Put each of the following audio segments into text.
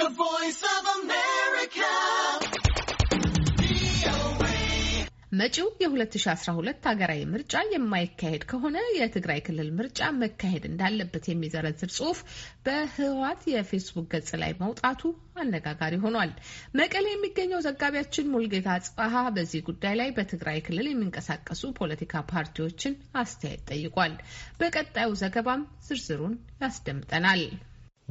The Voice of America. መጪው የ2012 ሀገራዊ ምርጫ የማይካሄድ ከሆነ የትግራይ ክልል ምርጫ መካሄድ እንዳለበት የሚዘረዝር ጽሑፍ በህወሓት የፌስቡክ ገጽ ላይ መውጣቱ አነጋጋሪ ሆኗል። መቀሌ የሚገኘው ዘጋቢያችን ሙልጌታ ጽባሀ በዚህ ጉዳይ ላይ በትግራይ ክልል የሚንቀሳቀሱ ፖለቲካ ፓርቲዎችን አስተያየት ጠይቋል። በቀጣዩ ዘገባም ዝርዝሩን ያስደምጠናል።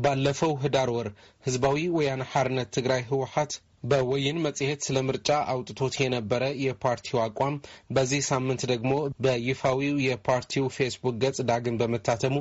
በለፈው ህዳርወር ህዝባዊ ወያن ሓርነት ትግራይ ህወሓት በወይን መጽሔት ስለ ምርጫ አውጥቶት የነበረ የፓርቲው አቋም በዚህ ሳምንት ደግሞ በይፋዊው የፓርቲው ፌስቡክ ገጽ ዳግም በመታተሙ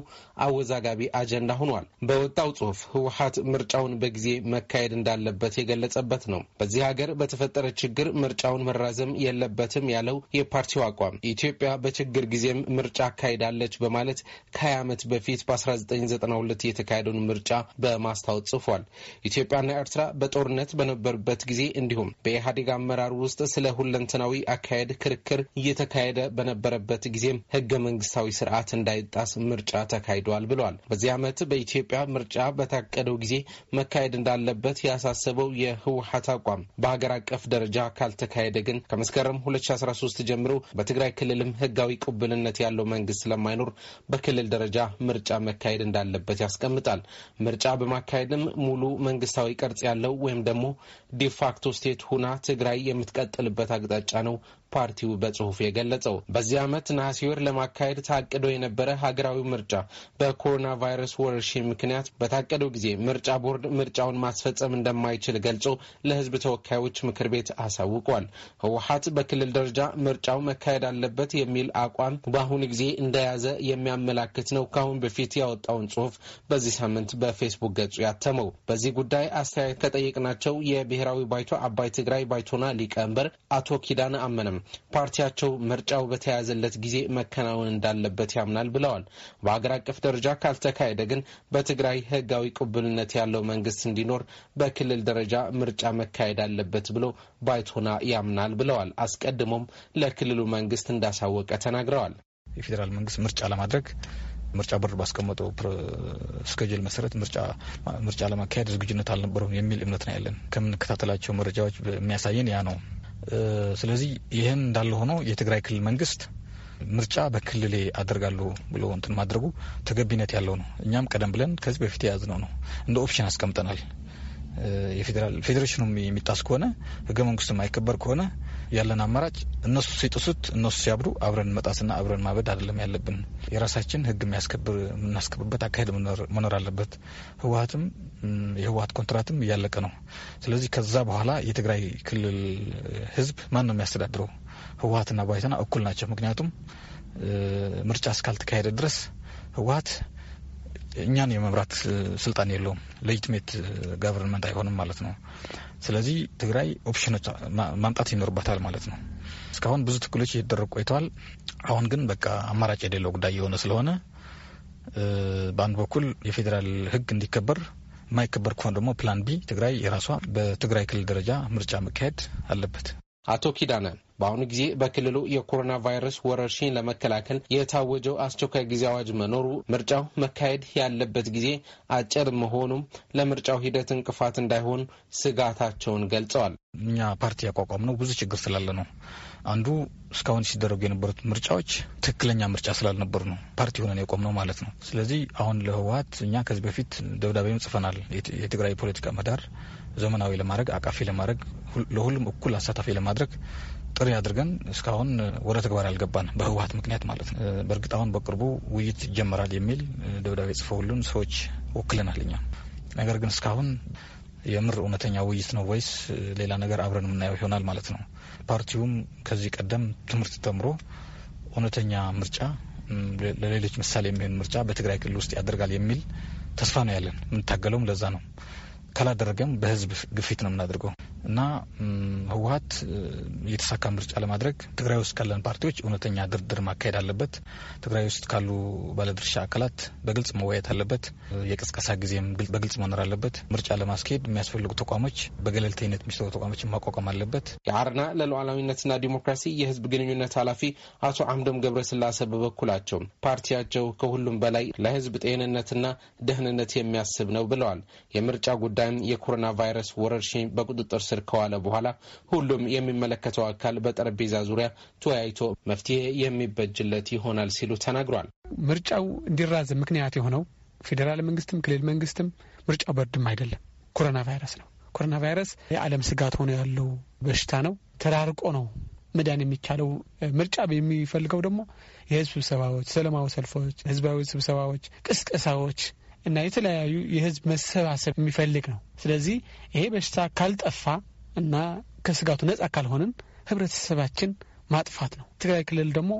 አወዛጋቢ አጀንዳ ሆኗል። በወጣው ጽሁፍ ህወሀት ምርጫውን በጊዜ መካሄድ እንዳለበት የገለጸበት ነው። በዚህ ሀገር በተፈጠረ ችግር ምርጫውን መራዘም የለበትም ያለው የፓርቲው አቋም ኢትዮጵያ በችግር ጊዜም ምርጫ አካሂዳለች በማለት ከ20 ዓመት በፊት በ1992 የተካሄደውን ምርጫ በማስታወስ ጽፏል። ኢትዮጵያና ኤርትራ በጦርነት በነበሩበት በነበረበት ጊዜ እንዲሁም በኢህአዴግ አመራር ውስጥ ስለ ሁለንተናዊ አካሄድ ክርክር እየተካሄደ በነበረበት ጊዜም ህገ መንግስታዊ ስርዓት እንዳይጣስ ምርጫ ተካሂዷል ብለዋል። በዚህ ዓመት በኢትዮጵያ ምርጫ በታቀደው ጊዜ መካሄድ እንዳለበት ያሳሰበው የህወሀት አቋም በሀገር አቀፍ ደረጃ ካልተካሄደ ግን ከመስከረም 2013 ጀምሮ በትግራይ ክልልም ህጋዊ ቅቡልነት ያለው መንግስት ስለማይኖር በክልል ደረጃ ምርጫ መካሄድ እንዳለበት ያስቀምጣል። ምርጫ በማካሄድም ሙሉ መንግስታዊ ቅርጽ ያለው ወይም ደግሞ ዲፋክቶ ስቴት ሁና ትግራይ የምትቀጥልበት አቅጣጫ ነው ፓርቲው በጽሁፍ የገለጸው። በዚህ ዓመት ነሐሴ ወር ለማካሄድ ታቅዶ የነበረ ሀገራዊ ምርጫ በኮሮና ቫይረስ ወረርሽኝ ምክንያት በታቀደው ጊዜ ምርጫ ቦርድ ምርጫውን ማስፈጸም እንደማይችል ገልጾ ለህዝብ ተወካዮች ምክር ቤት አሳውቋል። ህወሀት በክልል ደረጃ ምርጫው መካሄድ አለበት የሚል አቋም በአሁኑ ጊዜ እንደያዘ የሚያመላክት ነው ከአሁን በፊት ያወጣውን ጽሁፍ በዚህ ሳምንት በፌስቡክ ገጹ ያተመው። በዚህ ጉዳይ አስተያየት ከጠየቅናቸው የብሔር ብሔራዊ ባይቶ አባይ ትግራይ ባይቶና ሊቀመንበር አቶ ኪዳነ አመነም ፓርቲያቸው ምርጫው በተያያዘለት ጊዜ መከናወን እንዳለበት ያምናል ብለዋል። በሀገር አቀፍ ደረጃ ካልተካሄደ ግን በትግራይ ህጋዊ ቅቡልነት ያለው መንግስት እንዲኖር በክልል ደረጃ ምርጫ መካሄድ አለበት ብሎ ባይቶና ያምናል ብለዋል። አስቀድሞም ለክልሉ መንግስት እንዳሳወቀ ተናግረዋል። የፌዴራል መንግስት ምርጫ ለማድረግ ምርጫ ቦርድ ባስቀመጠው ስኬጁል መሰረት ምርጫ ለማካሄድ ዝግጁነት አልነበረም የሚል እምነት ነው ያለን። ከምንከታተላቸው መረጃዎች የሚያሳየን ያ ነው። ስለዚህ ይህም እንዳለ ሆኖ የትግራይ ክልል መንግስት ምርጫ በክልሌ አደርጋለሁ ብሎ እንትን ማድረጉ ተገቢነት ያለው ነው። እኛም ቀደም ብለን ከዚህ በፊት የያዝነው ነው እንደ ኦፕሽን አስቀምጠናል። የፌዴራል ፌዴሬሽኑ የሚጣስ ከሆነ ህገ መንግስቱ የማይከበር ከሆነ ያለን አማራጭ እነሱ ሲጥሱት እነሱ ሲያብዱ አብረን መጣስና አብረን ማበድ አይደለም ያለብን። የራሳችን ህግ የሚያስከብር የምናስከብርበት አካሄድ መኖር አለበት። ህወሀትም የህወሀት ኮንትራትም እያለቀ ነው። ስለዚህ ከዛ በኋላ የትግራይ ክልል ህዝብ ማን ነው የሚያስተዳድረው? ህወሀትና ባይተና እኩል ናቸው። ምክንያቱም ምርጫ እስካልተካሄደ ድረስ ህወሀት እኛን የመምራት ስልጣን የለውም። ለኢትሜት ጋቨርንመንት አይሆንም ማለት ነው። ስለዚህ ትግራይ ኦፕሽኖች ማምጣት ይኖርበታል ማለት ነው። እስካሁን ብዙ ትክሎች እየተደረጉ ቆይተዋል። አሁን ግን በቃ አማራጭ የሌለው ጉዳይ የሆነ ስለሆነ በአንድ በኩል የፌዴራል ሕግ እንዲከበር የማይከበር ከሆነ ደግሞ ፕላን ቢ ትግራይ የራሷ በትግራይ ክልል ደረጃ ምርጫ መካሄድ አለበት። አቶ ኪዳነ በአሁኑ ጊዜ በክልሉ የኮሮና ቫይረስ ወረርሽኝ ለመከላከል የታወጀው አስቸኳይ ጊዜ አዋጅ መኖሩ ምርጫው መካሄድ ያለበት ጊዜ አጭር መሆኑም ለምርጫው ሂደት እንቅፋት እንዳይሆን ስጋታቸውን ገልጸዋል። እኛ ፓርቲ ያቋቋም ነው ብዙ ችግር ስላለ ነው። አንዱ እስካሁን ሲደረጉ የነበሩት ምርጫዎች ትክክለኛ ምርጫ ስላልነበሩ ነው ፓርቲ ሆነን የቆም ነው ማለት ነው። ስለዚህ አሁን ለህወሀት እኛ ከዚህ በፊት ደብዳቤም ጽፈናል። የትግራይ ፖለቲካ ምህዳር ዘመናዊ ለማድረግ አቃፊ ለማድረግ ለሁሉም እኩል አሳታፊ ለማድረግ ጥሪ አድርገን እስካሁን ወደ ተግባር ያልገባን በህወሀት ምክንያት ማለት ነው። በእርግጥ አሁን በቅርቡ ውይይት ይጀመራል የሚል ደብዳቤ ሁሉን ሰዎች ወክለናል እኛ። ነገር ግን እስካሁን የምር እውነተኛ ውይይት ነው ወይስ ሌላ ነገር አብረን የምናየው ይሆናል ማለት ነው። ፓርቲውም ከዚህ ቀደም ትምህርት ተምሮ እውነተኛ ምርጫ ለሌሎች ምሳሌ የሚሆን ምርጫ በትግራይ ክልል ውስጥ ያደርጋል የሚል ተስፋ ነው ያለን። የምንታገለውም ለዛ ነው። ካላደረገም በህዝብ ግፊት ነው የምናደርገው። እና ህወሀት የተሳካ ምርጫ ለማድረግ ትግራይ ውስጥ ካለን ፓርቲዎች እውነተኛ ድርድር ማካሄድ አለበት። ትግራይ ውስጥ ካሉ ባለድርሻ አካላት በግልጽ መወያየት አለበት። የቅስቀሳ ጊዜም በግልጽ መኖር አለበት። ምርጫ ለማስካሄድ የሚያስፈልጉ ተቋሞች በገለልተኝነት የሚሰሩ ተቋሞችን ማቋቋም አለበት። የአርና ለሉዓላዊነትና ዲሞክራሲ የህዝብ ግንኙነት ኃላፊ አቶ አምዶም ገብረስላሴ በበኩላቸው ፓርቲያቸው ከሁሉም በላይ ለህዝብ ጤንነትና ደህንነት የሚያስብ ነው ብለዋል። የምርጫ ጉዳይም የኮሮና ቫይረስ ወረርሽኝ በቁጥጥር ስር ከዋለ በኋላ ሁሉም የሚመለከተው አካል በጠረጴዛ ዙሪያ ተወያይቶ መፍትሄ የሚበጅለት ይሆናል ሲሉ ተናግሯል። ምርጫው እንዲራዘም ምክንያት የሆነው ፌዴራል መንግስትም ክልል መንግስትም ምርጫው በርድም አይደለም፣ ኮሮና ቫይረስ ነው። ኮሮና ቫይረስ የዓለም ስጋት ሆኖ ያለው በሽታ ነው። ተራርቆ ነው መዳን የሚቻለው። ምርጫ የሚፈልገው ደግሞ የህዝብ ስብሰባዎች፣ ሰላማዊ ሰልፎች፣ ህዝባዊ ስብሰባዎች፣ ቅስቀሳዎች እና የተለያዩ የህዝብ መሰባሰብ የሚፈልግ ነው። ስለዚህ ይሄ በሽታ ካልጠፋ እና ከስጋቱ ነጻ ካልሆንን ህብረተሰባችን ማጥፋት ነው። ትግራይ ክልል ደግሞ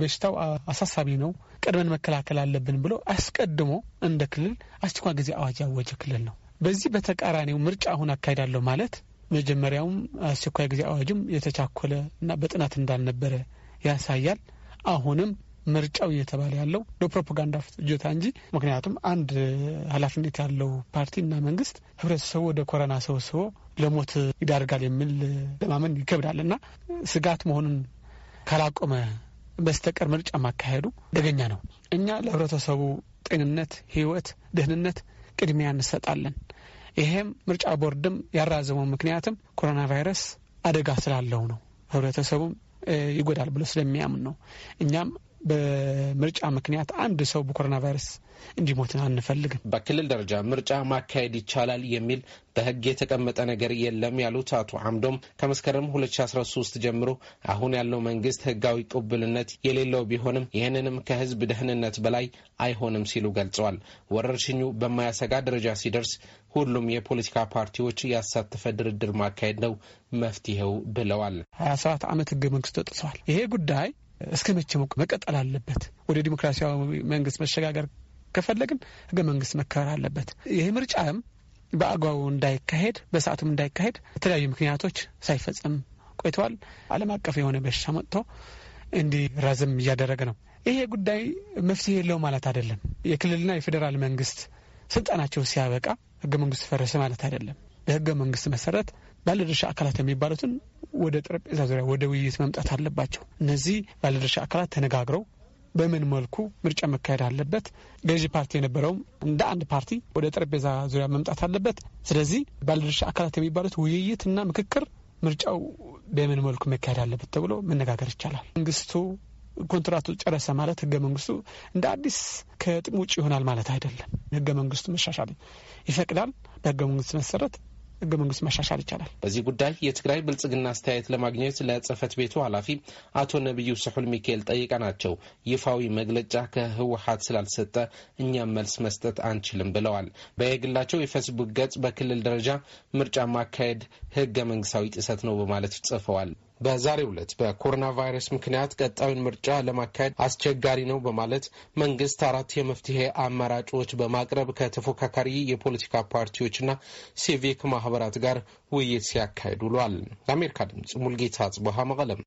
በሽታው አሳሳቢ ነው፣ ቀድመን መከላከል አለብን ብሎ አስቀድሞ እንደ ክልል አስቸኳይ ጊዜ አዋጅ ያወጀ ክልል ነው። በዚህ በተቃራኒው ምርጫ አሁን አካሄዳለሁ ማለት መጀመሪያውም አስቸኳይ ጊዜ አዋጅም የተቻኮለ እና በጥናት እንዳልነበረ ያሳያል። አሁንም ምርጫው እየተባለ ያለው ለፕሮፓጋንዳ ፍጆታ እንጂ ምክንያቱም አንድ ኃላፊነት ያለው እና መንግስት ህብረተሰቡ ወደ ኮረና ሰብስቦ ለሞት ይዳርጋል የሚል ለማመን ይከብዳል እና ስጋት መሆኑን ካላቆመ በስተቀር ምርጫ ማካሄዱ ደገኛ ነው። እኛ ለህብረተሰቡ ጤንነት፣ ህይወት፣ ደህንነት ቅድሚያ እንሰጣለን። ይሄም ምርጫ ቦርድም ያራዘመው ምክንያትም ኮሮና ቫይረስ አደጋ ስላለው ነው። ህብረተሰቡም ይጎዳል ብሎ ስለሚያምን ነው። እኛም በምርጫ ምክንያት አንድ ሰው በኮሮና ቫይረስ እንዲሞትን አንፈልግም። በክልል ደረጃ ምርጫ ማካሄድ ይቻላል የሚል በሕግ የተቀመጠ ነገር የለም ያሉት አቶ አምዶም ከመስከረም 2013 ጀምሮ አሁን ያለው መንግስት ሕጋዊ ቅቡልነት የሌለው ቢሆንም ይህንንም ከሕዝብ ደህንነት በላይ አይሆንም ሲሉ ገልጸዋል። ወረርሽኙ በማያሰጋ ደረጃ ሲደርስ ሁሉም የፖለቲካ ፓርቲዎች ያሳተፈ ድርድር ማካሄድ ነው መፍትሄው ብለዋል። 27 ዓመት ሕገ መንግስት ተጥሷል። ይሄ ጉዳይ እስከ መቼም መቀጠል አለበት። ወደ ዲሞክራሲያዊ መንግስት መሸጋገር ከፈለግን ህገ መንግስት መከበር አለበት። ይህ ምርጫም በአግባቡ እንዳይካሄድ በሰዓቱም እንዳይካሄድ የተለያዩ ምክንያቶች ሳይፈጸም ቆይተዋል። ዓለም አቀፍ የሆነ በሻ መጥቶ እንዲራዘም እያደረገ ነው። ይሄ ጉዳይ መፍትሄ የለው ማለት አይደለም። የክልልና የፌዴራል መንግስት ስልጣናቸው ሲያበቃ ህገ መንግስት ፈረሰ ማለት አይደለም። በህገ መንግስት መሰረት ባለድርሻ አካላት የሚባሉትን ወደ ጠረጴዛ ዙሪያ ወደ ውይይት መምጣት አለባቸው። እነዚህ ባለድርሻ አካላት ተነጋግረው በምን መልኩ ምርጫ መካሄድ አለበት። ገዢ ፓርቲ የነበረውም እንደ አንድ ፓርቲ ወደ ጠረጴዛ ዙሪያ መምጣት አለበት። ስለዚህ ባለድርሻ አካላት የሚባሉት ውይይትና ምክክር ምርጫው በምን መልኩ መካሄድ አለበት ተብሎ መነጋገር ይቻላል። መንግስቱ ኮንትራቱ ጨረሰ ማለት ህገ መንግስቱ እንደ አዲስ ከጥቅም ውጭ ይሆናል ማለት አይደለም። ህገ መንግስቱ መሻሻል ይፈቅዳል። በህገ መንግስት መሰረት ህገ መንግስት መሻሻል ይቻላል። በዚህ ጉዳይ የትግራይ ብልጽግና አስተያየት ለማግኘት ለጽህፈት ቤቱ ኃላፊ አቶ ነቢዩ ስሑል ሚካኤል ጠይቀናቸው ይፋዊ መግለጫ ከህወሀት ስላልሰጠ እኛም መልስ መስጠት አንችልም ብለዋል። በየግላቸው የፌስቡክ ገጽ በክልል ደረጃ ምርጫ ማካሄድ ህገ መንግስታዊ ጥሰት ነው በማለት ጽፈዋል። በዛሬው ዕለት በኮሮና ቫይረስ ምክንያት ቀጣዩን ምርጫ ለማካሄድ አስቸጋሪ ነው በማለት መንግስት አራት የመፍትሄ አማራጮች በማቅረብ ከተፎካካሪ የፖለቲካ ፓርቲዎችና ሲቪክ ማህበራት ጋር ውይይት ሲያካሂድ ውሏል። ለአሜሪካ ድምጽ ሙልጌታ ጽቡሃ መቀለም